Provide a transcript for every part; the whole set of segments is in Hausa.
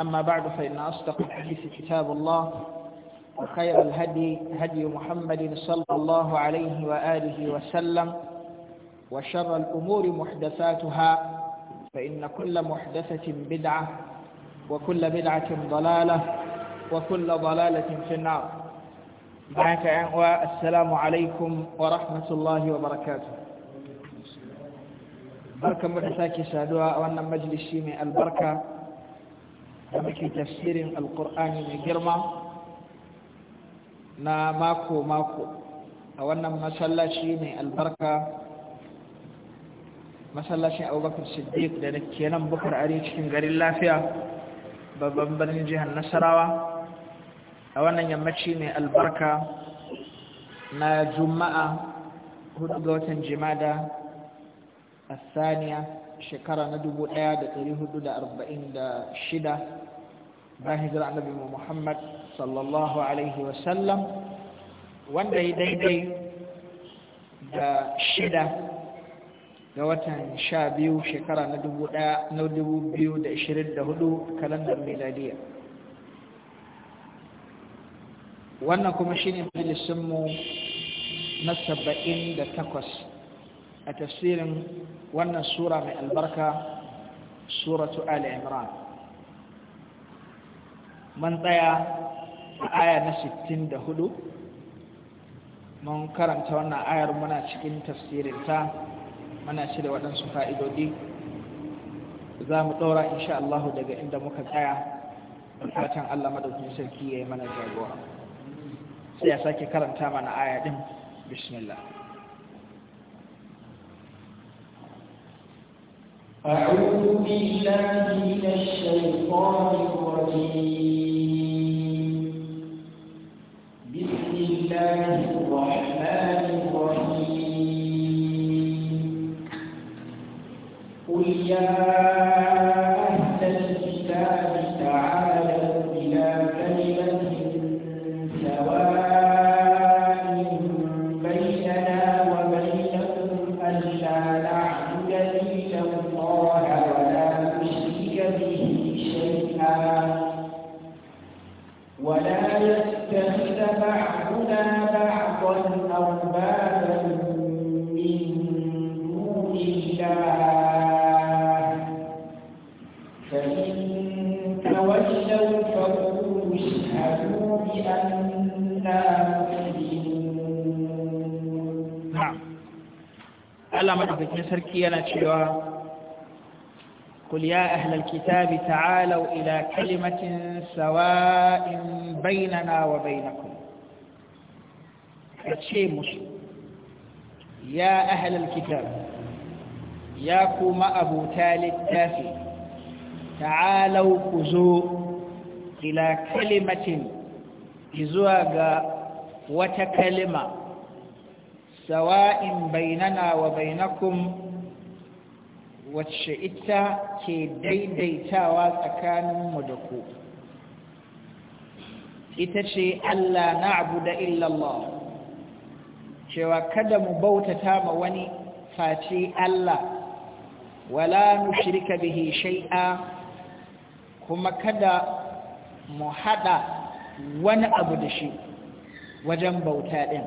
أما بعد فإن أصدق الحديث كتاب الله وخير الهدي هدي محمد صلى الله عليه وآله وسلم وشر الأمور محدثاتها فإن كل محدثة بدعة وكل بدعة ضلالة وكل ضلالة في النار معك السلام عليكم ورحمة الله وبركاته بركة مرحساكي سادوا وأن مجلسي من البركة da muke tafsirin alkur'ani mai girma na mako-mako a wannan masallaci mai albarka masallacin abubakar siddiq da ke nan bukar cikin garin lafiya babban birnin jihar nasarawa a wannan yammaci mai albarka na juma'a hudu ga watan jimada a saniya shekara na shida. na hijira annabi Muhammad sallallahu alaihi wasallam wanda ya daidai da shida ga watan sha biyu shekara na dubu ɗaya na dubu biyu da ishirin da hudu kalandar miladiya wannan kuma shine majalisinmu na saba'in da takwas a tafsirin wannan sura mai albarka suratu ali imran man tsaya a aya na hudu mun karanta wannan ayar muna cikin tafsirinta muna shi da waɗansu fa'idodi za mu ɗora insha Allah daga inda muka tsaya fatan Allah madaukin sarki ya yi mana jagora sai ya sake karanta mana aya din bismillah أعوذ بالله من الشيطان الرجيم إياه ciki yana cewa kuliya ahlal kitabi ta'alau ila kalimatin sawa'in bainana wa bainakum ce musu ya ahlal kitabi ya kuma abu talittafi ta'alau ku zo ila kalimatin zuwa ga wata kalima sawa'in bainana wa bainakum wacce ita ke daidaitawa tsakaninmu da ku ita ce Allah na abu da illallah cewa kada mu bautata ma wani face Allah wala nushrika bihi shai'a kuma kada mu haɗa wani abu da shi wajen bauta ɗin.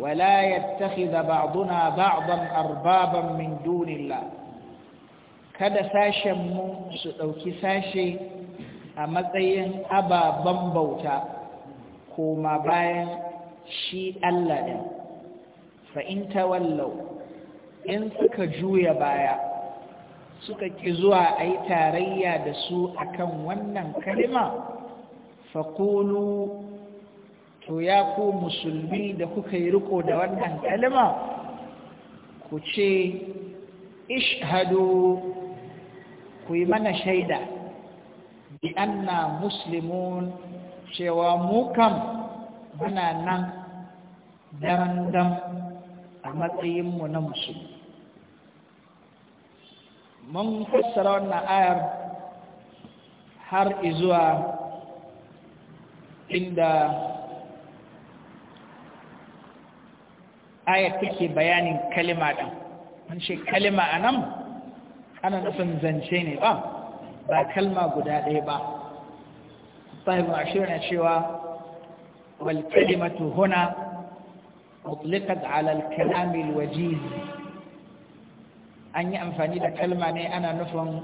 wala yattakhidha ba'duna ba'dan arbaban min la. kada sashen mu su ɗauki sashe a matsayin ababen bauta koma bayan shi Allah ɗin fa'inta wallau in suka juya baya suka ƙi zuwa a yi tarayya da su akan wannan kalima faƙulu to ya ku musulmi da kuka yi riko da wannan kalima ku ce ishadu ku yi mana shaida bi anna muslimun cewa mu kam muna nan daren a matsayinmu na musulmi mun fassara wannan ayar har izuwa inda ayar take bayanin kalima ɗan an ce kalima a nan ana nufin zance ne ba ba kalma guda ɗaya ba sahibin ashir na cewa wal kalimatu huna mutlikat ala wajiz an yi amfani da kalma ne ana nufin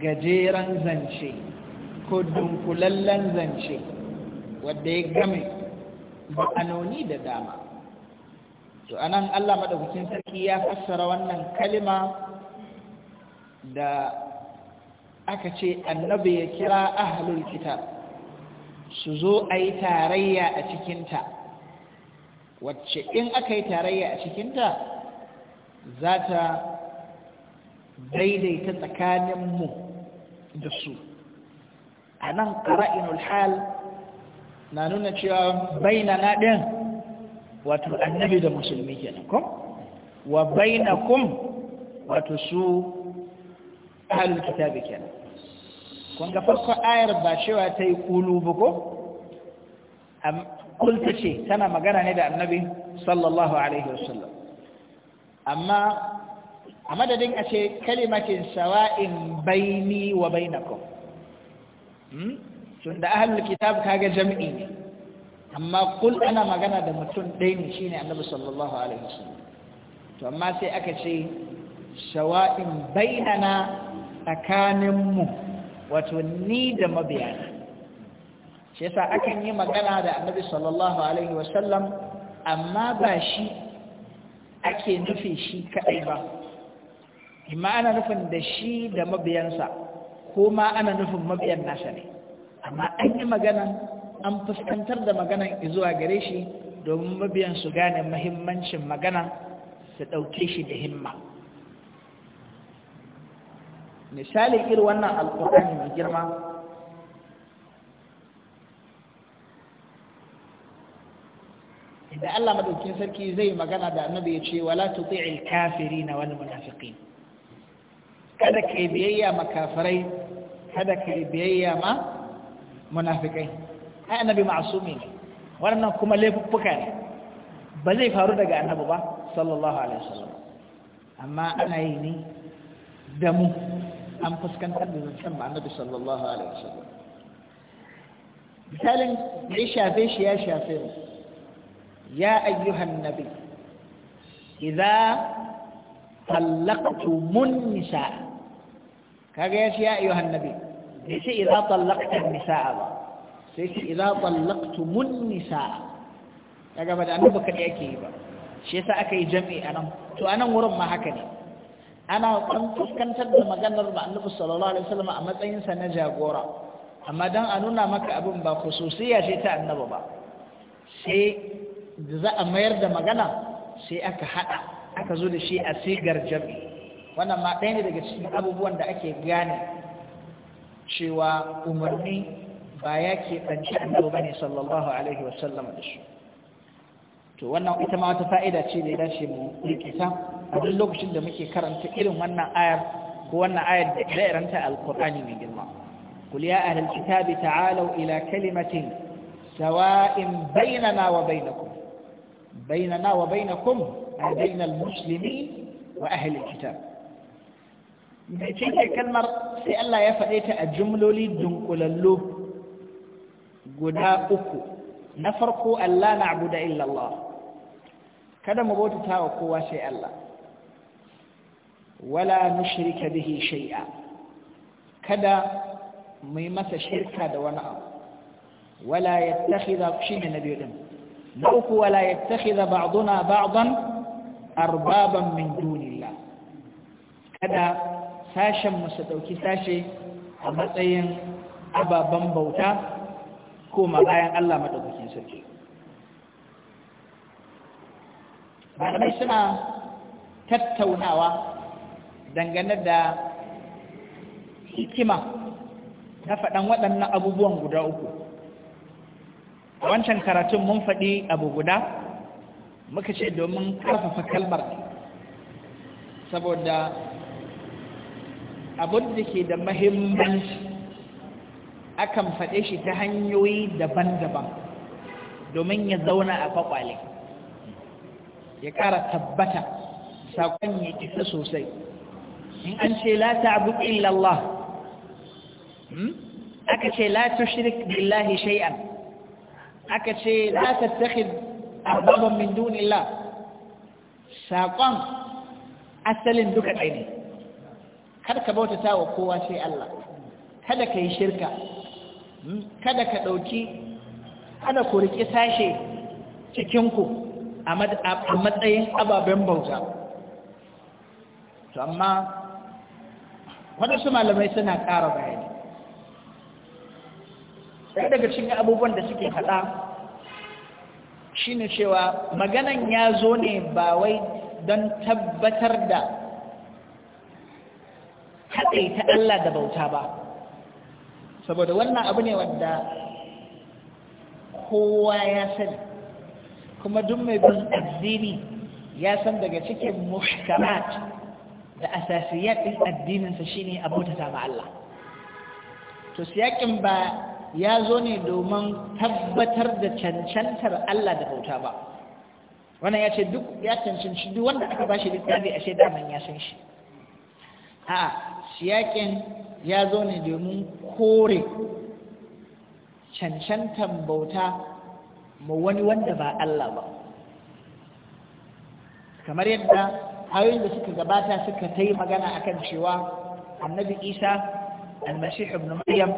gajeren zance ko dunkulallen zance wadda ya game ma'anoni da dama to anan Allah bikin sarki ya fassara wannan kalima da aka ce annabi ya kira ahlul kitab su zo a yi tarayya a cikinta wacce in aka yi tarayya a cikinta za ta daidaita tsakaninmu da su a nan ƙara'inul hal na nuna cewa baina na ɗin wato annabi da musulmi nan ko wa kum wato su ahlul kitabi kenan kun ga farko ayar ba cewa ta yi kulu ba ko kulta ce tana magana ne da annabi sallallahu alaihi wasallam amma a madadin a ce kalimatin sawa'in baini wa bainakum hmm? tun da ahlul kitab kaga jam'i ne amma kul ana magana da mutum ɗaya ne shine annabi sallallahu alaihi wasallam to amma sai aka ce shawa'in bainana tsakaninmu wato ni da mabiyana shi yasa akan yi magana da annabi sallallahu alaihi wasallam amma ba shi ake nufi shi kaɗai ba imma ana nufin da shi da mabiyansa ko ma ana nufin mabiyan nasa ne amma an yi magana an fuskantar da maganan zuwa gare shi domin mabiyan su gane mahimmancin magana su ɗauke shi da himma misali irin wannan alkur'ani mai girma inda Allah madaukin sarki zai magana da annabi ya ce wala tuti'il kafirina wal munafiqin kada ka biyayya makafirai kada ka biyayya ma munafiqai ai annabi ma'sumi ne wannan kuma laifuffuka ne ba zai faru daga annabi ba sallallahu alaihi wasallam amma ana yi ne da mu an fuskantar da zancen ma annabi sallallahu alaihi wasallam misalin da ya shafe shi ya shafe mu ya ayyuhan nabi idza tallaqtumun nisa kaga ya ce ya ayyuhan nabi bai ce idza tallaqtan nisaa ba sai ce idza tallaqtumun nisaa kaga ba da annabi kadai ake yi ba shi yasa aka yi jami'i nan, to anan wurin ma haka ne ana fuskantar da maganar annabi sallallahu alaihi wasallam a matsayinsa na jagora amma dan a nuna maka abin ba khususiyya ce ta annaba ba sai da za a mayar da magana sai aka hada aka zo da shi a sigar jami wannan ma ɗaya ne daga cikin abubuwan da ake gane cewa umarni ba ya ke ɗanci annabi ne, sallallahu alaihi wasallam da shi to wannan ita ma wata fa'ida ce da ya dace mu rikita a duk lokacin da muke karanta irin wannan ayar ko wannan ayar da dairanta alkur'ani mai girma kul ya ahlul kitabi ta'alu ila kalimatin sawa'in bainana wa bainakum bainana wa bainakum ay bainal musulmi wa ahlul mai cike kalmar sai Allah ya faɗe ta a jumloli dunkulallo guda uku na farko Allah na'budu illa illallah. kada mu bautata wa kowa sai Allah wala nushrika bihi shay'a kada mu yi masa shirka da wani abu wala yattakhidha shine nabi din na uku wala yattakhidha ba'duna ba'dan arbaban min dunillah kada sashen mu su dauki sashe a matsayin ababan bauta ko bayan Allah madaukakin sarki malamai suna tattaunawa dangane da hikima na faɗan waɗannan abubuwan guda uku a wancan karatun mun faɗi abu guda muka ce domin ƙarfafa kalmar saboda abin da ke da mahimmanci akan faɗe shi ta hanyoyi daban-daban domin ya zauna a kwakwale. ya ƙara tabbata saƙon ya isa sosai in an ce la ta'budu illallah hmm? aka ce la shirik billahi shay'an aka ce la tattakhid arbaban min dunillah saƙon asalin duka ɗaya ne kada ka ta wa kowa sai Allah kada ka yi shirka hmm? kada ka ɗauki kada ku riƙe sashe cikinku a matsayin ababen bauta to amma waɗansu malamai suna ƙara bayani sai daga cikin abubuwan da suke faɗa shine cewa maganan ya zo ne ba wai don tabbatar da haɗe ta Allah da bauta ba saboda wannan abu ne wanda kowa ya sani kuma duk mai bin addini ya san daga cikin muhkamat da asasiyat din addininsa shine abota ba Allah to siyakin ba ya zo ne domin tabbatar da cancantar Allah da bauta ba wannan ya ce duk ya cancanci duk wanda aka bashi a ashe daman ya san shi a siyakin ya zo ne domin kore cancantar bauta ma wani wanda ba Allah ba kamar yadda ayoyin da suka gabata suka ta yi magana akan cewa annabi isa almasih ibn maryam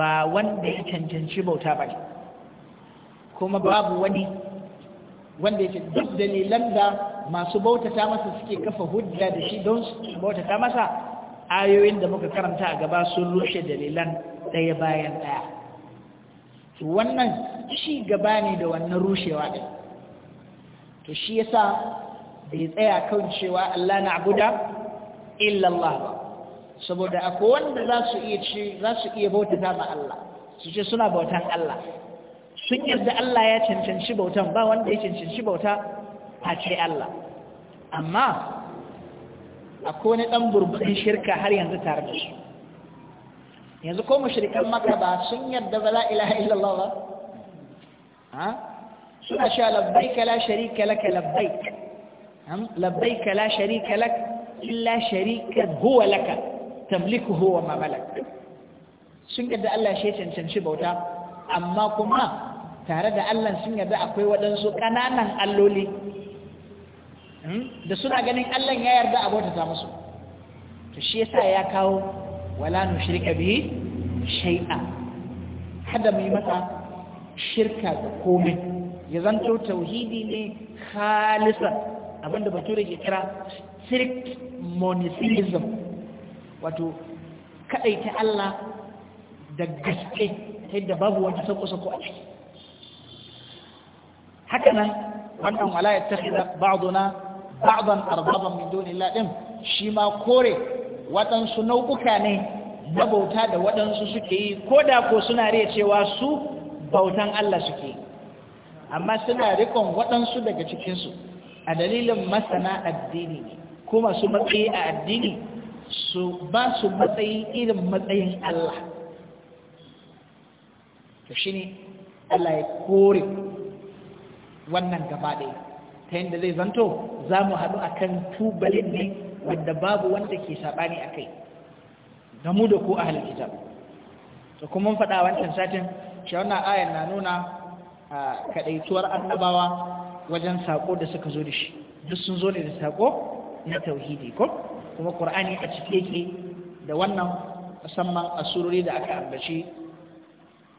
ba wanda ya cancanci bauta ba kuma babu wani wanda ya ce duk dalilan da masu bautata masa suke kafa hujja da shi don bautata masa ayoyin da muka karanta a gaba sun rushe dalilan ɗaya bayan ɗaya wannan shi gaba ne da wannan rushewa ɗin to shi yasa bai tsaya kan cewa Allah na abuda illallah ba saboda akwai wanda za su iya ce za su iya bautata ma Allah su ce suna bautan Allah sun yarda Allah ya cancanci bautan ba wanda ya cancanci bauta a ce Allah amma akwai wani ɗan burbuɗin shirka har yanzu tare da su yanzu ko mashirikan maka ba sun yarda ba la ilaha illallah ba suna sha labbaika la sharika laka Labbai labbaika la sharika lak illa sharikan huwa laka tamliku huwa ma malak sun yadda Allah shi cancanci bauta amma kuma tare da Allah sun yadda akwai waɗansu ƙananan alloli da suna ganin Allah ya yarda a ta musu to shi yasa ya kawo wala nushrika bihi shay'a hada mu yi masa shirka da komai ya zanto tauhidi ne khalisa abinda bature ke kira strict monotheism wato ta Allah da gaske yadda babu wata sako-sako a ciki haka nan wannan wala ya tafi da ba'aduna ba'adan arzaban min laɗin shi ma kore waɗansu nau'uka ne na bauta da waɗansu suke yi ko da ko suna rai cewa su bautan Allah suke amma suna rikon waɗansu daga cikinsu a dalilin masana addini ko masu matsayi a addini su ba su matsayi irin matsayin Allah to shi ne Allah ya kore wannan gaba ɗaya ta yadda zai zanto za mu haɗu a kan tubalin ne wadda babu wanda ke saɓani a kai da mu da ku a halittar to kuma faɗa wancan satin shi wannan ayan na nuna kadaituwar annabawa wajen sako da suka zo da shi duk sun zo ne da sako na tauhidi ko kuma qur'ani a cike yake da wannan musamman a da aka ambaci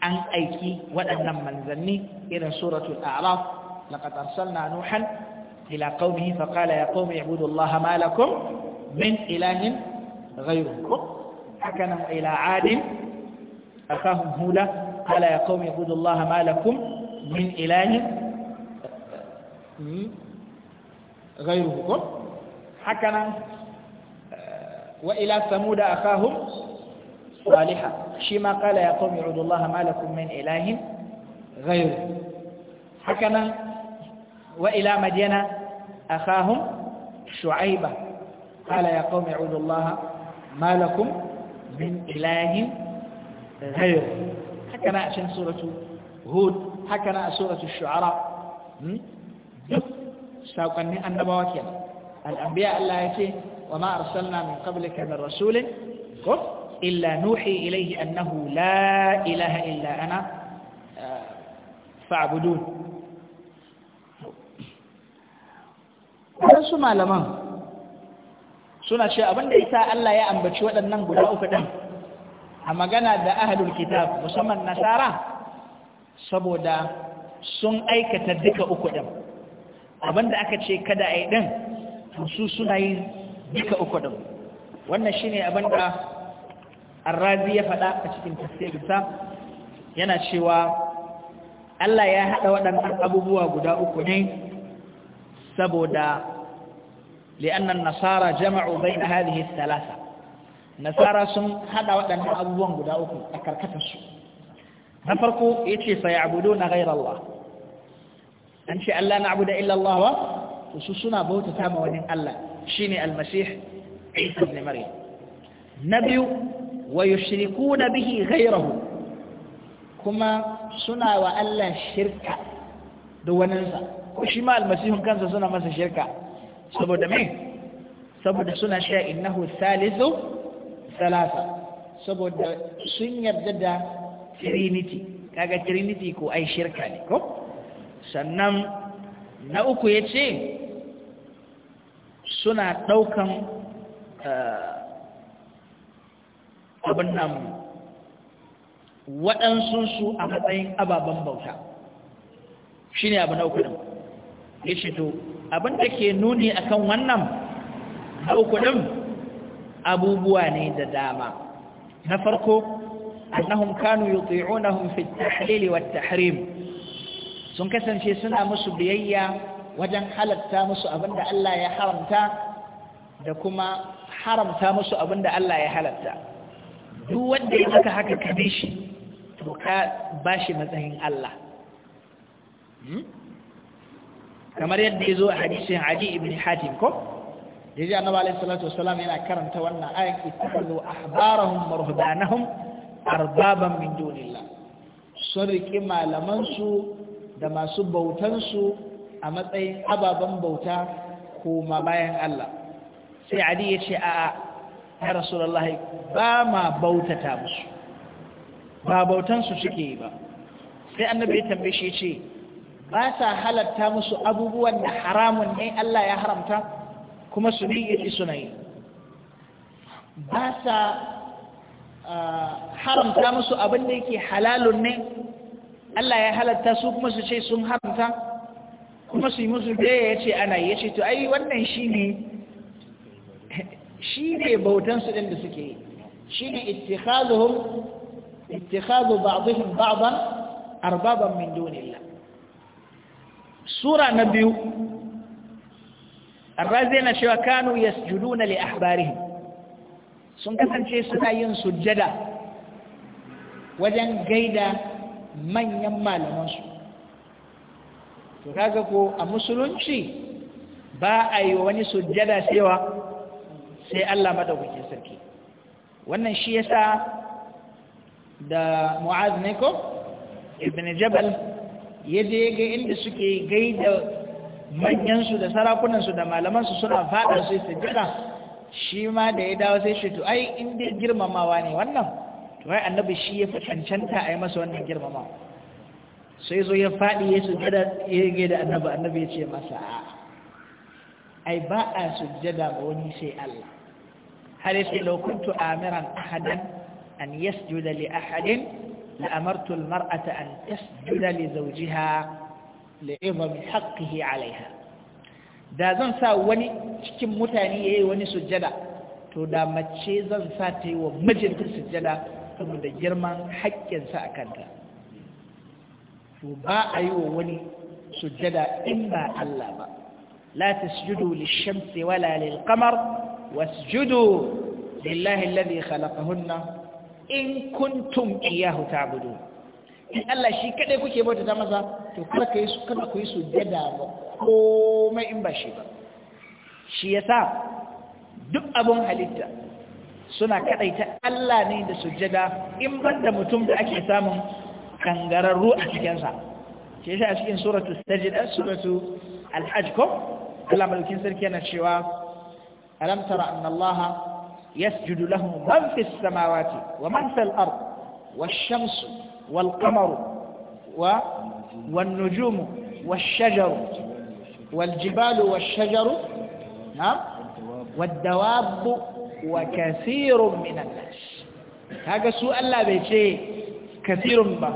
an aiki waɗannan manzanni irin suratul a'raf laqad arsalna nuhan ila qaumihi fa qala ya qaumi ibudu allaha ma lakum min ilahin ghayruhu hakanan ila adin akahum hula قال يا قوم اعبدوا الله ما لكم من إله غيره هكذا آه، وإلى ثمود أخاهم صالحا شيما قال يا قوم اعبدوا الله ما لكم من إله غيره هكذا وإلى مدينة أخاهم شعيبا قال يا قوم اعبدوا الله ما لكم من إله غيره haka na a can suratu hud haka na a suratu shu'ara hmm? duk saƙonnin annabawa kenan al'ambiya Allah ya ce wa ma arsalna min qablika min rasulin ko illa nuhi ilayhi annahu la ilaha illa ana eh, fa'budun wasu malaman suna ce abinda isa Allah ya ambaci waɗannan guda uku ɗin a magana da ahadin kitab musamman nasara saboda sun aikata duka uku ɗin abinda aka ce kada a yi ɗin su suna yi duka uku ɗin wannan shine abinda arrazi ya faɗa a cikin tafsirinsa yana cewa Allah ya haɗa waɗannan abubuwa guda uku ne saboda li'annan nasara jama'u bai na hadihi salasa nasara sun hada waɗannan abubuwan guda uku a karkatarsu na farko ya ce sai abudu na gairar Allah an ce Allah na abu da illallah su suna bauta ta wani Allah shi ne almasih isa ne mare na biyu wa yushriku na bihi gairahu kuma suna wa Allah shirka da waninsa ko shi ma almasihun kansa suna masa shirka saboda me saboda suna sha innahu salisu salasa saboda sun yarda da trinity kaga trinity ko ai shirka ne ko sannan na uku ya ce suna ɗaukan eh, abin nan su a matsayin ababen bauta shi ne abu na uku ɗin ya ce to abin da ke nuni akan wannan na uku ɗin abubuwa ne da dama na farko annahum kanu yuti'unahum fi at-tahlil wa tahrim sun kasance suna musu biyayya wajen halatta musu abinda Allah ya haramta da kuma haramta musu abinda Allah ya halatta duk wanda ya maka haka kabe shi to ka bashi matsayin Allah hmm? kamar yadda ya zo a hadisin Ali ibn Hatim ko yaji annabi alaihi salatu wassalam yana karanta wannan ayan ittakhadhu ahbarahum wa arbaban min dunillah sun riki malamansu da masu bautansu su a matsayin ababen bauta koma bayan Allah sai Ali ya ce a'a ya rasulullah ba ma bautata musu ba bautansu suke yi ba sai annabi ya tambaye shi ya ce ba sa halatta musu abubuwan da haramun ne Allah ya haramta kuma su biyu suna yi ba sa haramta musu abin da yake halalun ne Allah ya halatta su kuma su ce sun haramta kuma su yi musu daya ya ce ana yi ya ce to ai wannan shi ne shi ne bautansu ɗin da suke yi shi ne ittikhazuhum ittikhadu ba'dihim ba'dan arbaban min dunillah sura na biyu arrazi na cewa kanu yasjuduna li ahbarihim sun kasance suna yin sujjada wajen gaida manyan malamansu to kaga ko a musulunci ba a yi wani sujjada cewa sai Allah madaukakin sarki wannan shi yasa da mu'az ne ko ibn jabal yaje ga inda suke gaida manyansu da sarakunansu da malamansu suna faɗa su jira shi ma da ya dawo sai shi to ai in dai girmamawa ne wannan to ai annabi shi ya fi cancanta a yi masa wannan girmamawa sai zo ya faɗi ya sujjada ya yi da annabi annabi ya ce masa ai ba a sujjada ba wani sai Allah har yace law kuntu amiran ahadan an yasjuda li ahadin la amartu al-mar'ata an tasjuda li zawjiha li'imam haqqihi alaiha da zan sa wani cikin mutane yayi wani sujjada to da mace zan sa ta yi wa mijinta sujjada saboda girman sa a kanta to ba a yi wa wani sujjada in ba Allah ba la tasjudu lish-shamsi wala lil-qamar wasjudu lillahi alladhi khalaqahunna in kuntum iyyahu ta'budun in Allah shi kadai kuke bauta ta masa to kar ka yi su kar ku yi su ba komai in ba shi ba shi yasa duk abun halitta suna ta Allah ne da sujjada in banda mutum da ake samun kangararru a cikinsa. sa shi a cikin suratul sajda suratu al Alhaji ko Allah mulkin sarki yana cewa alam tara yasjudu lahu man fis samawati wa man fil ard والشمس والقمر و والنجوم والشجر والجبال والشجر نعم والدواب وكثير من الناس هذا سؤال لا بيجي كثير با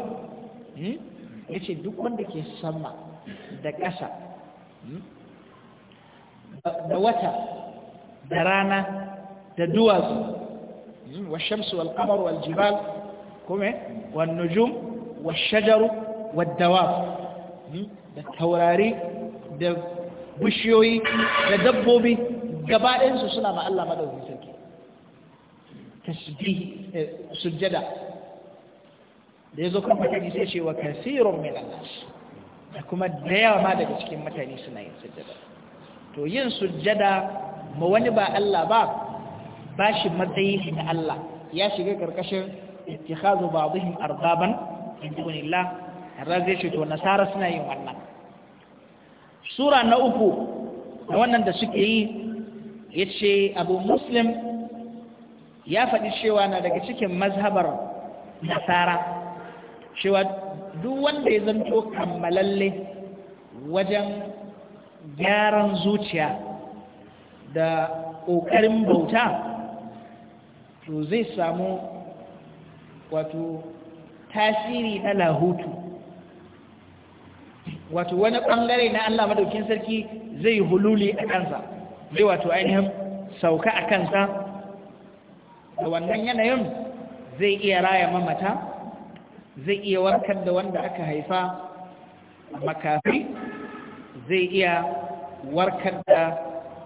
يجي دوك من دكي السماء دكاسا دوتا درانا دوازو والشمس والقمر والجبال kuma wan nujum da taurari da bishiyoyi da dabbobi gaba suna ma Allah madaukakin sarki tasbih eh, sujjada da kan mutane sai ce wa da kuma da yawa ma daga cikin mutane suna yin sujjada to yin sujjada ma wani ba Allah ba ba shi matsayi da Allah ya shiga ƙarƙashin ittikhadhu ba'dihim arbaban min dunillah har zai ce to nasara suna yin wannan sura na uku na wannan da suke yi yace abu muslim ya faɗi cewa na daga cikin mazhabar nasara cewa duk wanda ya zanto kammalalle wajen gyaran zuciya da ƙoƙarin bauta to zai samu wato tasiri na lahutu wato wani ɓangare na Allah madaukin sarki zai hululi a kansa zai wato ainihin sauka a kansa da wannan yanayin zai iya raya mamata zai iya warkar da wanda aka haifa makafi zai iya warkar da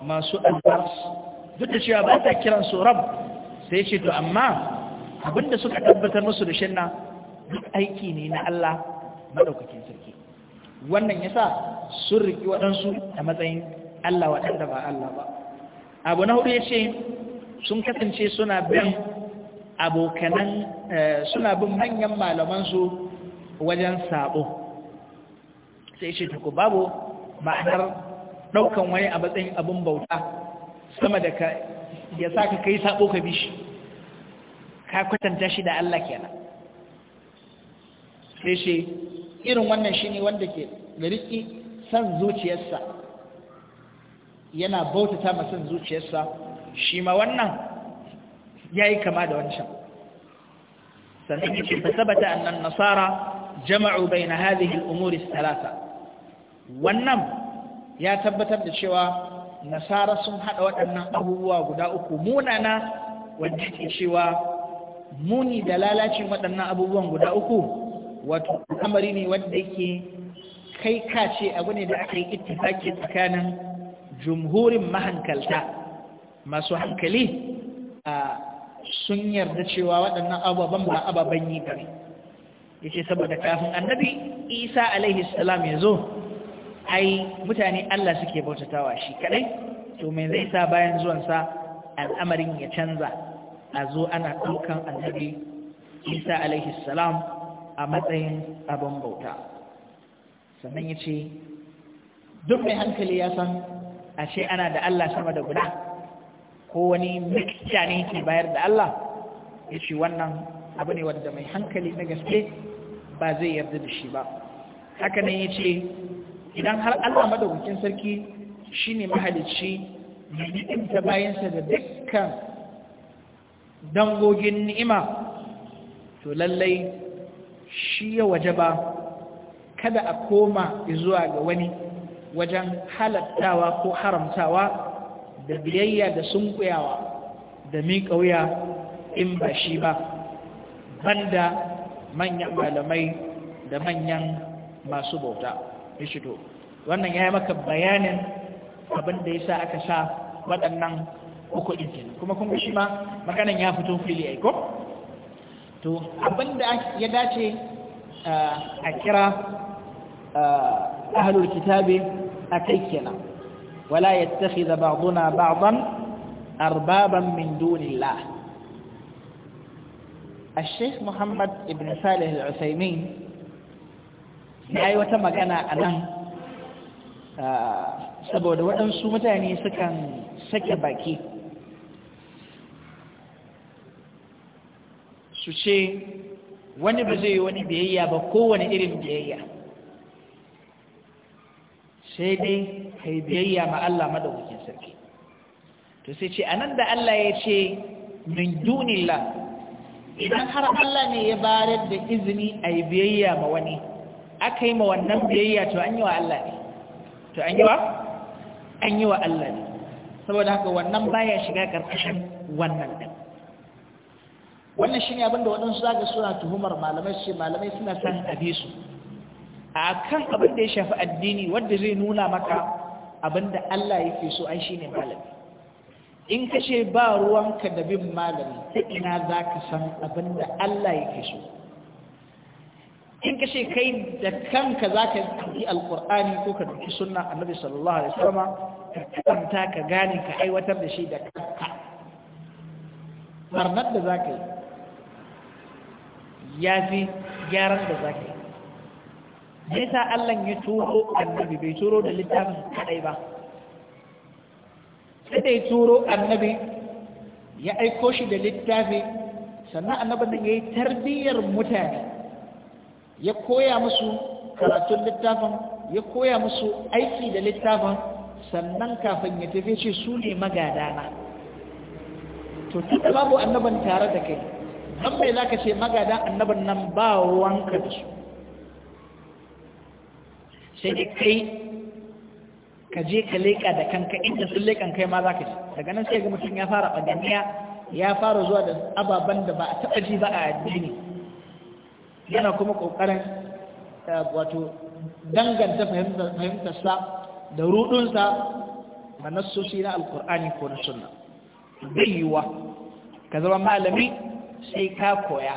masu albars duk da cewa ba ta kiransu rab sai ce to amma abinda suka tabbatar musu da shirna duk aiki ne na Allah maɗaukakin sarki wannan ya sa sun riƙi waɗansu a matsayin Allah waɗanda ba Allah ba abu na hudu ce sun kasance suna bin abokanan eh, suna bin manyan malamansu wajen sabo sai ce tuku babu ma'anar ɗaukan wani a matsayin abin bauta sama da ka ya sa ka kai sabo ka bishi ka kwatanta shi da Allah kenan sai shi irin wannan shi ne wanda ke da riƙi san zuciyarsa yana bautata ma zuciyarsa shi ma wannan ya yi kama da wancan sannan yake fasabata annan nasara jama'u bai na hadihin umuris talata wannan ya tabbatar da cewa nasara sun haɗa waɗannan abubuwa guda uku munana wanda ke cewa muni da lalacin waɗannan abubuwan guda uku wato amari ne wanda yake kai kace abu ne da aka yi ittifaki tsakanin jumhurin mahankalta masu hankali a sun yarda cewa waɗannan ababen ba ababen yi bane ce saboda kafin annabi Isa alaihi salam ya zo ai mutane Allah suke bautatawa shi kadai to mai zai sa bayan zuwansa al'amarin ya canza a zo ana ɗaukan annabi isa alaihi salam a matsayin abin bauta sannan ya ce duk mai hankali ya san ashe ana da Allah sama da guda ko wani mikita ne ke bayar da Allah ya ce wannan abu ne wanda mai hankali na gaske ba zai yarda da shi ba haka nan ya ce idan har Allah madaukakin sarki shi ne mahalicci da bayansa da dukkan dangogin ni'ima to lallai shi ya waje ba kada a koma zuwa ga wani wajen halattawa ko haramtawa da biyayya da sunkuyawa da miƙa wuya in ba shi ba banda manyan malamai da manyan masu bauta ishito wannan ya yi maka bayanin abinda da ya sa aka sa waɗannan uku ɗin kenan kuma kun shi ma maganan ya fito fili ai ko to abin da ya dace a kira ahlul kitabe a kai kenan wala yattakhidha ba'duna ba'dan arbaban min dunillah الشيخ محمد ابن صالح العثيمين yayi wata magana a saboda waɗansu mutane sukan sake baki su ce wani ba zai yi wani biyayya ba kowane irin biyayya sai dai ka yi biyayya ma Allah maɗaukakin sarki to sai ce anan da Allah ya ce min dunillah idan har Allah ne ya bayar da izini a yi biyayya ma wani aka yi ma wannan biyayya to an yi wa Allah ne to an yi wa an yi wa Allah ne saboda haka wannan baya shiga karkashin wannan ɗin wannan shine abin da waɗansu zaga suna tuhumar malamai su ce malamai suna san su. a kan abin da ya shafi addini wanda zai nuna maka abin da Allah yake so an shine malami in ka ce ba ruwanka da bin malami ta ina za ka san abin da Allah yake so in ka ce kai da kanka za ka yi Alkur'ani ko ka duki sunna annabi sallallahu alaihi wasallama ka karanta ka gane ka aiwatar da shi da kanka barnar da za ka yi ya fi gyaran da za ka yi ne sa Allah ya turo annabi bai turo da littafin kadai ba sai da ya turo annabi ya aiko shi da littafi sannan annabin nan ya yi tarbiyyar mutane ya koya musu karatun littafin ya koya musu aiki da littafin sannan kafin ya tafi ce su ne magadana to tun da babu annaban tare da kai an bai za ka ce magadan annabin nan ba wanka da su sai da kai ka je ka leƙa da kanka inda sun leƙan kai ma za ka ce daga nan sai ga mutum ya fara ɓaganiya ya fara zuwa da ababen da ba a taɓa ji ba a addini yana kuma ƙoƙarin eh, wato danganta fahimtarsa da ruɗunsa da nassosi na alkur'ani ko na sunna bai yiwa ka zama malami sai ka koya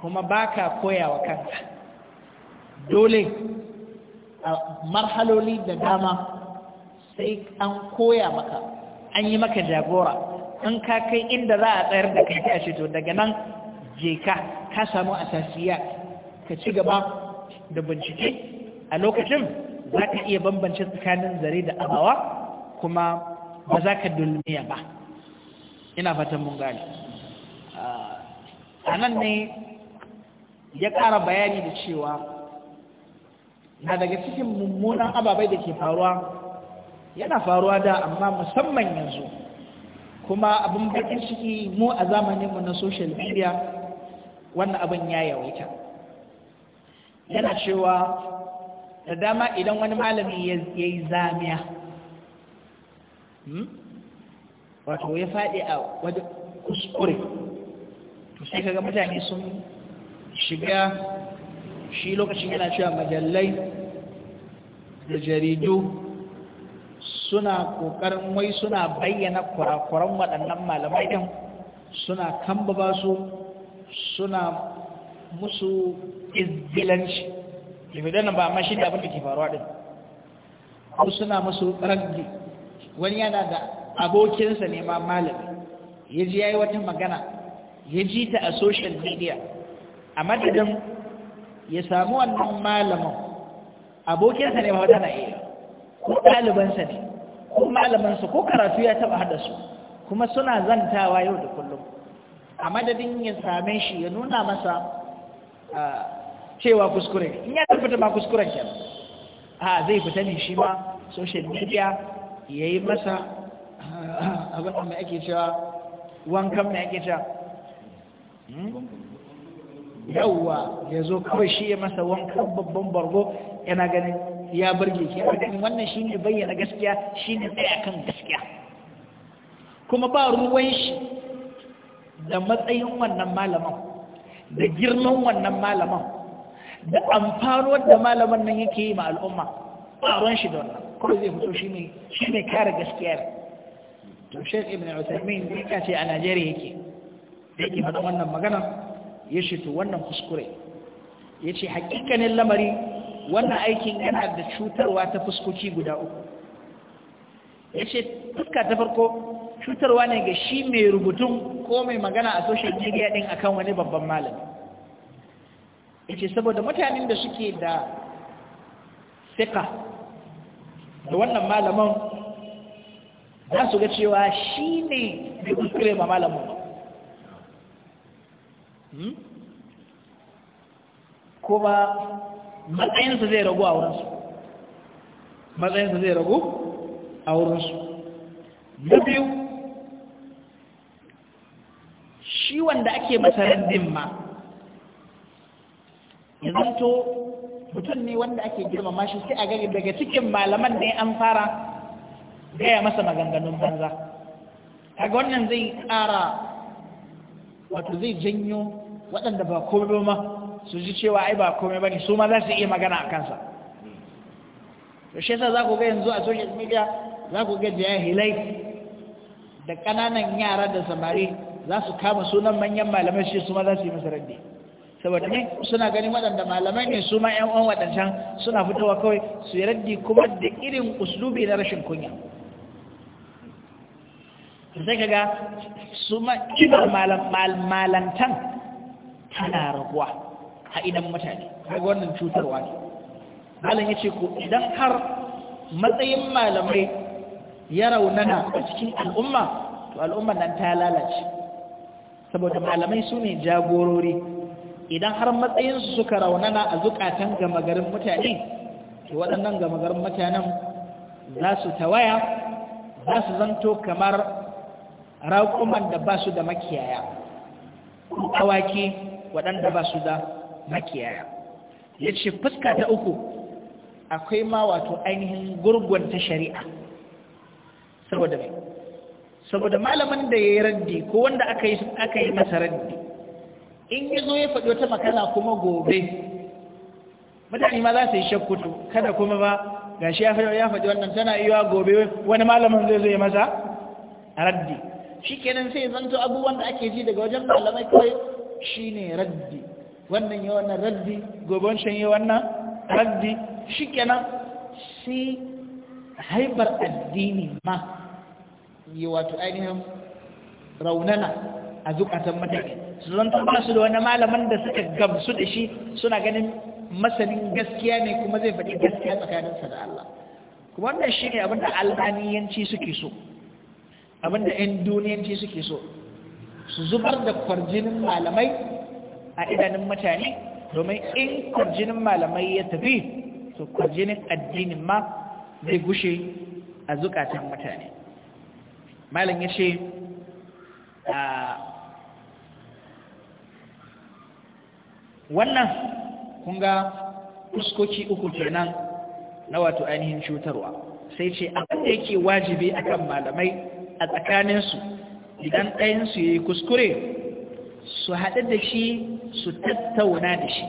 kuma ba ka koya wa kanka dole a marhaloli da dama sai an koya maka an yi maka jagora an ka kai inda za a tsayar da kai a to daga nan je ka ka samu asasiya ka ci gaba da bincike a lokacin za ka iya bambance tsakanin zare da abawa kuma ba za ka dulmiya ba ina fatan mun gane ah, a nan ne ya ƙara bayani da cewa na daga cikin mummunan ababai da ke faruwa yana faruwa da amma musamman yanzu kuma abin bakin ciki mu a zamaninmu na social media wannan abin ya yawaita yana cewa da dama idan wani malami ya yi zamiya hmm, wato ya faɗi a wajen kuskure to sai kaga mutane sun shiga shi lokacin yana cewa majallai da jaridu suna kokarin wai suna bayyana kurakuran waɗannan malamai ɗin suna kambaba su suna musu izzilanci lifidan nan ba amma shi da abin da ke faruwa ɗin ko suna musu wani yana da abokinsa ne ma malami ya ji ya yi wata magana ya ji ta a social media a madadin ya samu wannan malamin abokinsa ne ba wata na iya ko ɗalibansa ne ko malamansa ko karatu ya taɓa haɗa su kuma suna zantawa yau da kullum a madadin ya same shi ya nuna masa cewa kuskure in ya tabbata ma kuskuren ke a zai fita ne shi ma social media ya yi masa abin da mai ake cewa wankan mai ake cewa yawwa ya zo kawai shi ya masa wankan babban bargo yana ganin ya burge ke ganin wannan shi ne bayyana gaskiya shi ne tsaye kan gaskiya kuma ba ruwan shi da matsayin wannan malaman da girman wannan malaman da amfanuwar da malaman nan yake yi ma al'umma ba ruwan shi da wannan kuma zai fito shi ne kare gaskiyar to shek ibn usaimin ya ce a najeriya yake da yake faɗa wannan magana ya ce to wannan kuskure ya ce hakikanin lamari wannan aikin yana da cutarwa ta fuskoki guda uku ya ce fuska ta farko cutarwa ne ga shi mai rubutun ko mai magana a social media ɗin akan wani babban malami ya ce saboda mutanen da suke da sika da wannan malaman za su ga cewa shi ne da kuskure ma malamin Hmm? kuma matsayinsa zai ragu a wurinsu matsayinsa zai ragu a wurinsu na biyu shi wanda ake masarar dimma ya zanto mutum ne wanda ake girmama shi sai a gari daga cikin malaman ya an fara gaya masa maganganun banza ga wannan zai kara wato zai janyo waɗanda ba komai ba su ji cewa ai ba komai ba ne su ma za su iya magana a kansa to shi yasa za ku ga yanzu a social media za ku ga jahilai da ƙananan yara da samari za su kama sunan manyan malamai shi su ma za su yi masa raddi saboda ne suna ganin waɗanda malamai ne su ma ƴan uwan waɗancan suna fitowa kawai su yi raddi kuma da irin uslubi na rashin kunya sai kaga su ma kibar malantan tana raguwa a idan mutane kai wannan cutarwa ne malam ya ce ko idan har matsayin malamai ya raunana a cikin al'umma to al'ummar nan ta lalace saboda malamai su ne jagorori idan har matsayinsu suka raunana a zukatan gama garin mutane to waɗannan gama garin mutanen za su tawaya za su zanto kamar raƙuman da ba su da makiyaya Ko awaki waɗanda ba su da makiyaya ya ce fuska ta uku akwai ma wato ainihin gurgunta shari'a saboda mai saboda malamin da ya yi raddi ko wanda aka yi masa raddi in ya zo ya faɗi wata makana kuma gobe mutane ma za su yi shakkutu kada kuma ba ga shi ya faɗi wannan tana iya gobe wani malamin zai zai masa raddi shi kenan sai zanto abubuwan da ake ji daga wajen malamai kawai shine raddi wannan yi wannan raddi gobe shan yi wannan raddi shi kenan shi haibar addini ma yi wato ainihin raunana a zukatan mutane su zan ta su da wani malaman da suka gamsu da shi suna ganin masanin gaskiya ne kuma zai faɗi gaskiya tsakaninsa da Allah kuma wannan shi ne abinda albaniyanci suke so abinda 'yan duniyanci suke so su zubar da kwarjinin malamai a idanun mutane domin in kwarjinin malamai ya tafi to kwarjinin addinin ma zai gushe a zukatan mutane malam ya ce wannan kunga fuskoki uku kenan na wato ainihin cutarwa sai ce a yake wajibi akan malamai a tsakaninsu idan ɗayansu ya yi kuskure su haɗu da shi su tattauna da shi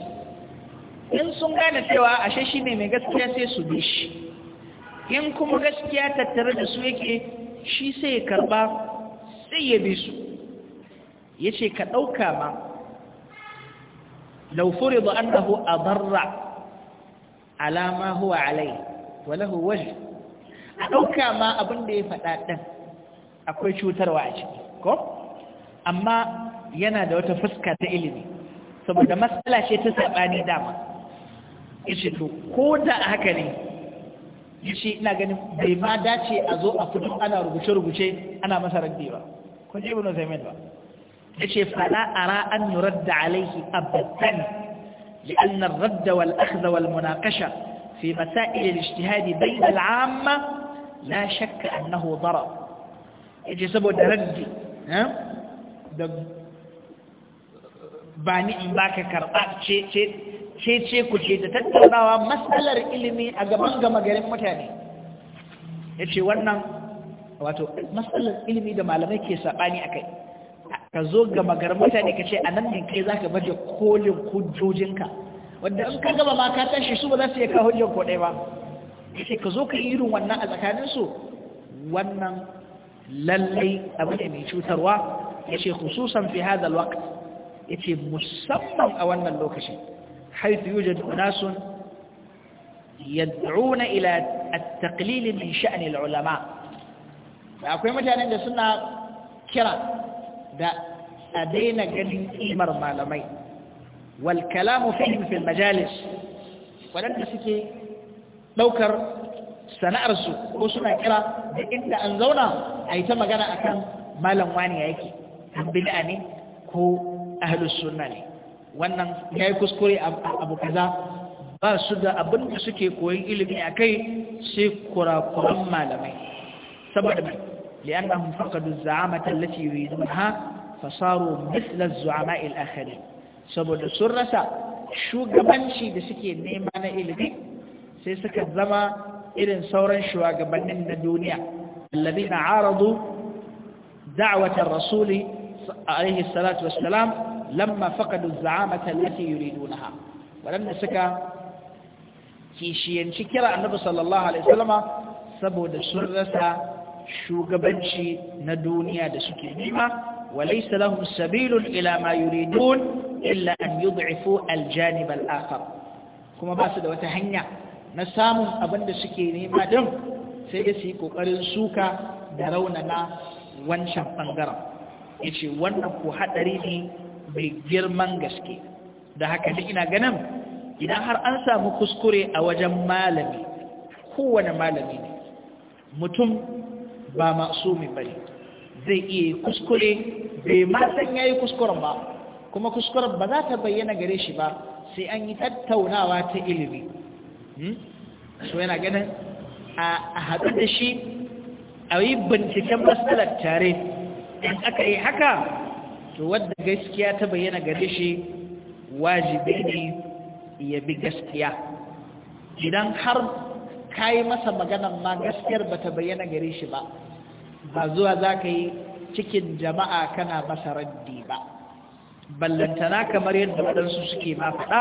in sun gane cewa ashe shi ne mai gaskiya sai su bi shi in kuma gaskiya tattare da su yake shi sai ya karba sai ya bi su ya ce ka ɗauka ma laufuri da annahu a barra alama huwa alai walahu waje a ɗauka ma abinda da ya faɗa akwai cutarwa a ciki ko amma yana da wata fuska ta ilimi saboda matsala ce ta sabani dama yace to ko da haka ne yace ina ganin bai ma dace a zo a fito ana rubuce-rubuce ana masa raddi ba kun ji ibn zaimin ba yace fala ara an yuradda alaihi abadan لأن الرد والأخذ والمناقشة في مسائل الاجتهاد بين العامة لا شك أنه ضرر ya ce saboda raddi eh? da ba ni in ba ka karɓa ce ce ku ce da tattaunawa matsalar ilimi a gaban gama garin mutane ya ce wannan wato matsalar ilimi da malamai ke saɓani a kai ka zo gama garin mutane ka ce a nan ne kai za ka baje kolin kujojinka wadda in ka gaba ma ka tashi su ba za su yi kawo hujjar ko ba ya ce ka zo ka yi irin wannan a tsakaninsu wannan للي أبدأ من شو تروى يشي خصوصا في هذا الوقت يشي مسمم أولا اللوكشي حيث يوجد أناس يدعون إلى التقليل من شأن العلماء فأكو مثلا عند سنة كرا دا أدين قد إمر معلمين والكلام فيهم في المجالس ولن تسكي لوكر sana'arsu ko suna kira da inda an zauna a yi ta magana a kan malam wani ya yake ne ko ahalus ne wannan ya yi kuskure abu kaza ba su da abin da suke koyon ilimi a kai sai kurakuran malamai saboda mai li'annahum faqadu az-za'amata allati yuridunha fasaru mithla az-zu'ama'i al-akharin saboda sun rasa shugabanci da suke nema na ilimi sai suka zama irin sauran shugabannin na duniya alladhina aradu da'watar rasuli alaihi salatu wassalam lamma faqadu az-za'amata allati yuridunaha wadanna suka kishiyanci kira annabi sallallahu alaihi wasallama saboda sun rasa shugabanci na duniya da suke nema walaysa lahum sabilun ila ma yuridun illa an yud'ifu al al-akhar kuma ba su da wata hanya na samun abin da suke nema din sai ya su yi ƙoƙarin suka da raunana wancan ɓangaren. Ya ce wannan ko haɗari ne mai girman gaske da haka duk ina ganin idan har an samu kuskure a wajen malami kowane malami ne mutum ba masumi bane zai iya yi kuskure bai matan ya yi kuskuren ba kuma kuskuren ba za ta bayyana gare shi ba sai an yi tattaunawa ta ilimi Hmm? so yana ganin a haɗu da shi a yi binciken matsalar tare in aka yi haka to wadda gaskiya ta bayyana gare shi wajibi ne ya bi gaskiya idan har ka yi masa maganan ma gaskiyar ba ta bayyana gare shi ba ba zuwa za ka yi cikin jama'a kana masa raddi ba ballantana kamar yadda waɗansu suke ma faɗa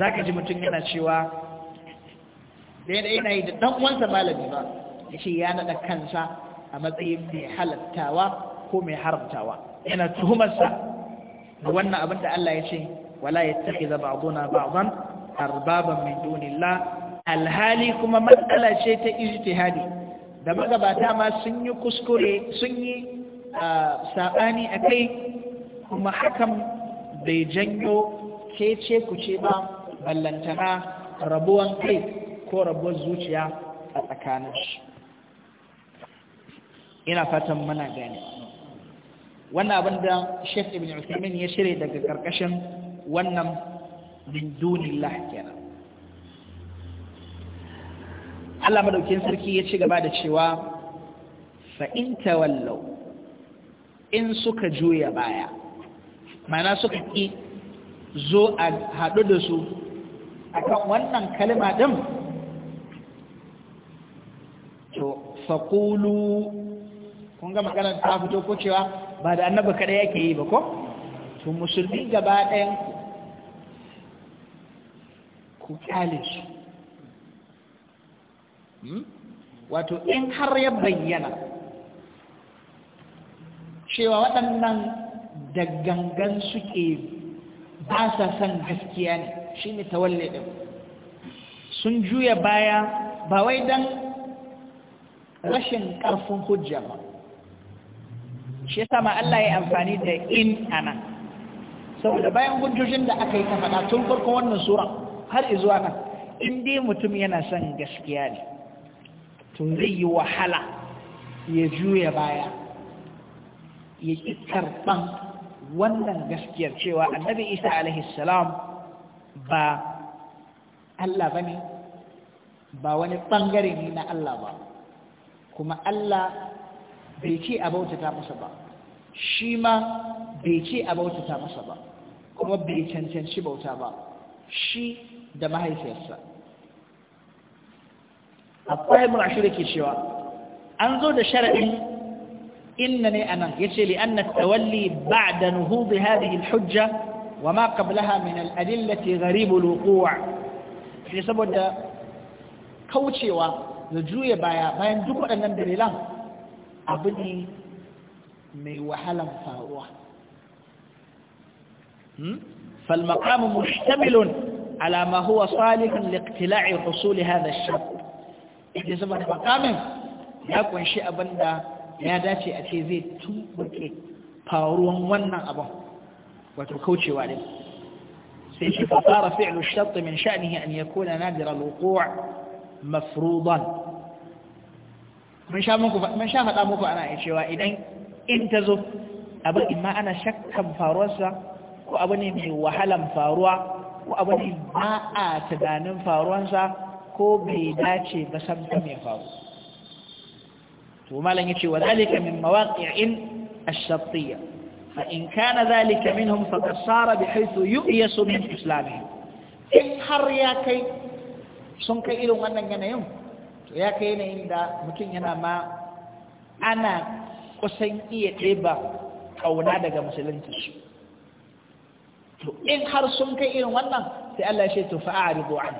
za ka ji mutum yana cewa da yana yi da dan uwansa malami ba yace ya nada kansa a matsayin mai halattawa ko mai haramtawa yana tuhumarsa da wannan abin da Allah ya ce wala yattakhidha ba'duna ba'dan arbaban mai duniya. alhali kuma matsala ce ta hali. da magabata ma sun yi kuskure sun yi a kai. kuma hakan bai janyo ce ku ce ba ballantana rabuwan kai ko rabuwar zuciya a tsakanin shi ina fatan mana gane wannan abin da shef Ibn Uthaymeen ya shirya daga karkashin wannan dindunin dunillah Allah madaukin sarki ya ci gaba da cewa fa in tawallau in suka juya baya mana suka ki zo a haɗu da su akan wannan kalima ɗin. faƙulu kun ga magana ta fito ko cewa ba da annabi kada yake yi ba ko to musulmi gaba ɗayan ku kyale su hmm? wato in har ya bayyana cewa waɗannan da gangan suke ba sa son gaskiya ne shi ne tawalle ɗin sun juya baya ba wai don rashin ƙarfin hujja ba shi yasa ma Allah ya amfani da in ana saboda bayan hujjojin da aka yi ta faɗa tun farko wannan sura har zuwa nan in dai mutum yana son gaskiya ne to zai yi wahala ya juya baya ya ƙi karɓan wannan gaskiyar cewa annabi isa alaihi salam ba Allah ba ne ba wani ɓangare ne na Allah ba kuma Allah bai ce a bautata masa ba shi ma bai ce a bautata masa ba kuma bai cancanci bauta ba shi da mahaifiyarsa akwai mun ashirin ke cewa an zo da sharaɗin inna ne anan ya ce li anna tawalli ba'da nuhudi hadhihi al-hujja wa ma qablaha min al-adillati gharib al-wuqu' sai saboda kaucewa ya juya baya bayan duk waɗannan dalilan abu ne mai wahalan faruwa فالمقام محتمل على ما هو صالح لاقتلاع حصول هذا الشرط إذا سبب المقام يكون شيء أبدا يا داتي أتيزي توبكي فاروان ونن أبا وتكوتي والد فصار فعل الشرط من شأنه أن يكون نادر الوقوع مفروضا من شافك من شاف هذا موقف أنا إيشوا إذا أنت ابو إما أنا شك فاروسا وأبغى نبي وحلم فاروا وأبغى ما أتدان فاروسا كوبيدا شيء بس هم كم يفعل وما لن يشوا ذلك من مواقع الشرطية فإن كان ذلك منهم فقد صار بحيث يؤيس من إسلامهم إن حر يا كي sun kai irin wannan yanayin to ya kai yanayin da mutum yana ma ana kusan iya ɗeba ƙauna daga musulunci to in har sun kai irin wannan sai Allah ya ce to fa'aridu an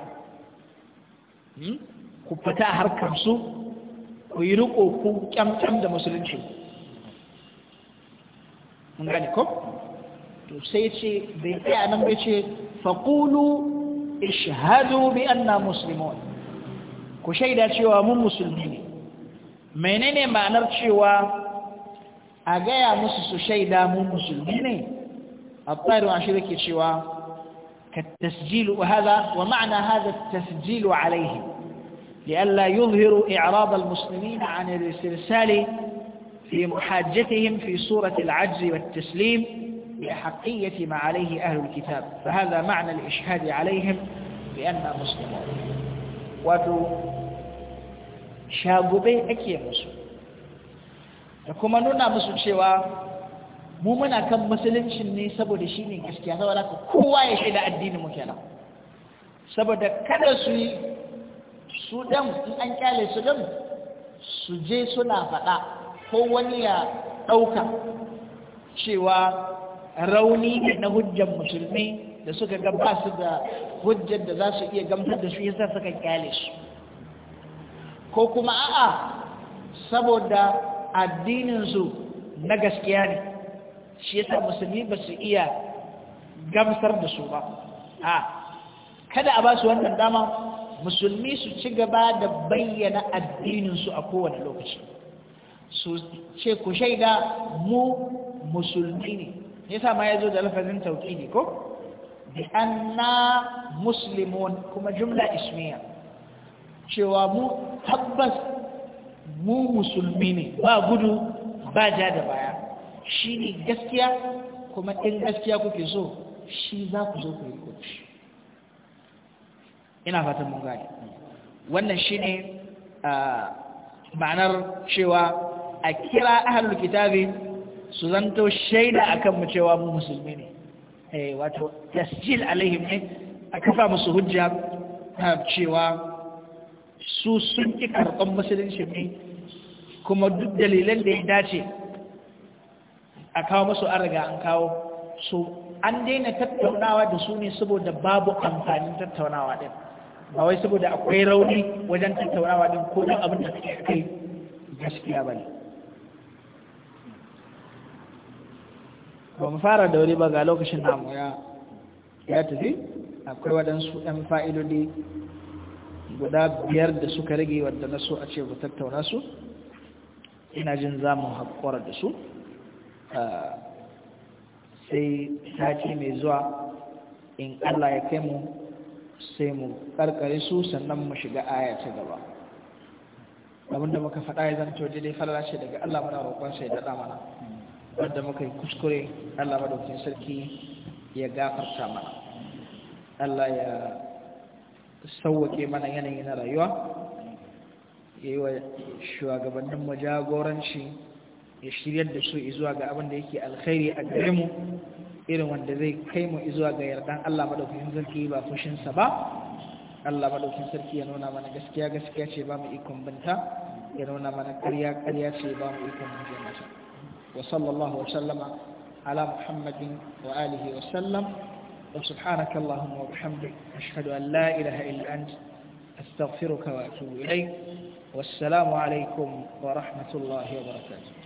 hmm? ku fita harkar su ku yi riko ku kyamkyam da musulunci mun gani ko to sai ce bai iya nan bai ce faqulu ishhadu bi anna muslimun ku shaida cewa mun musulmi ne menene ma'anar cewa a gaya musu su shaida mun musulmi ne كالتسجيل وهذا ومعنى هذا التسجيل عليهم لئلا يظهر إعراض المسلمين عن الاسترسال في محاجتهم في صورة العجز والتسليم بأحقية ما عليه أهل الكتاب فهذا معنى الإشهاد عليهم بأننا مسلمون wato shagubai ake musu da kuma nuna musu cewa mu muna kan musuluncin ne saboda shi ne gaskiya saboda ka kowa ya shaida addini mu kenan saboda kada su yi su dan in an kyale su dan su je suna faɗa ko wani ya ɗauka cewa rauni na hujjar musulmi da suka ga su da hujjar da za su iya gamtar da su sa suka kyale su ko kuma a'a saboda addininsu na gaskiya ne shi yasa musulmi ba su iya gamsar da su ba a kada a ba su wannan dama musulmi su ci gaba da bayyana addininsu a kowane lokaci su ce ku shaida mu musulmi ne yasa ma ya zo da lafazin tauqidi ko bi anna muslimun kuma jumla ismiya cewa mu tabbas mu musulmi ne ba gudu ba ja da baya Shi ne gaskiya kuma in gaskiya kuke so shi za ku zo ku yi kuci ina fatan mun gane wannan shi ne ah, ma'anar cewa a kira ahlul kitabi su zanto shaida akan mu cewa mu musulmi ne eh wato tasjil alaihim ne a kafa musu hujja cewa su sun ƙi karɓar musulunci ne kuma duk dalilan da ya dace a kawo musu an riga an kawo su an daina tattaunawa da su ne saboda babu amfanin tattaunawa ɗin ba wai saboda akwai rauni wajen tattaunawa ɗin ko don abin da kai gaskiya ba ne ba mu fara da wuri ba ga lokacin namu ya ya tafi akwai waɗansu 'yan fa'idodi guda biyar da suka rage wadda na so a ce ba tattauna su ina jin za mu da su ah, sai sati mai zuwa in allah ya kai mu sai mu ƙarƙare su sannan mu shiga aya ta gaba abinda muka faɗa ya zanto daidai falala ce daga allah mana roƙon sai daɗa mana wanda muka yi kuskure Allah madaukin sarki ya gafarta mana Allah ya sauwake mana yanayi na rayuwa ya yi wa shugabannin mu jagoranci ya shiryar da su izuwa ga abin da yake alkhairi a gare mu irin wanda zai kai mu izuwa ga yardan Allah madaukin sarki ba fushinsa ba Allah madaukin sarki ya nuna mana gaskiya gaskiya ce ba mu ikon binta ya nuna mana ƙarya ƙarya ce ba mu ikon binta. وصلى الله وسلم على محمد وآله وسلم وسبحانك اللهم وبحمدك أشهد أن لا إله إلا أنت أستغفرك وأتوب إليك والسلام عليكم ورحمة الله وبركاته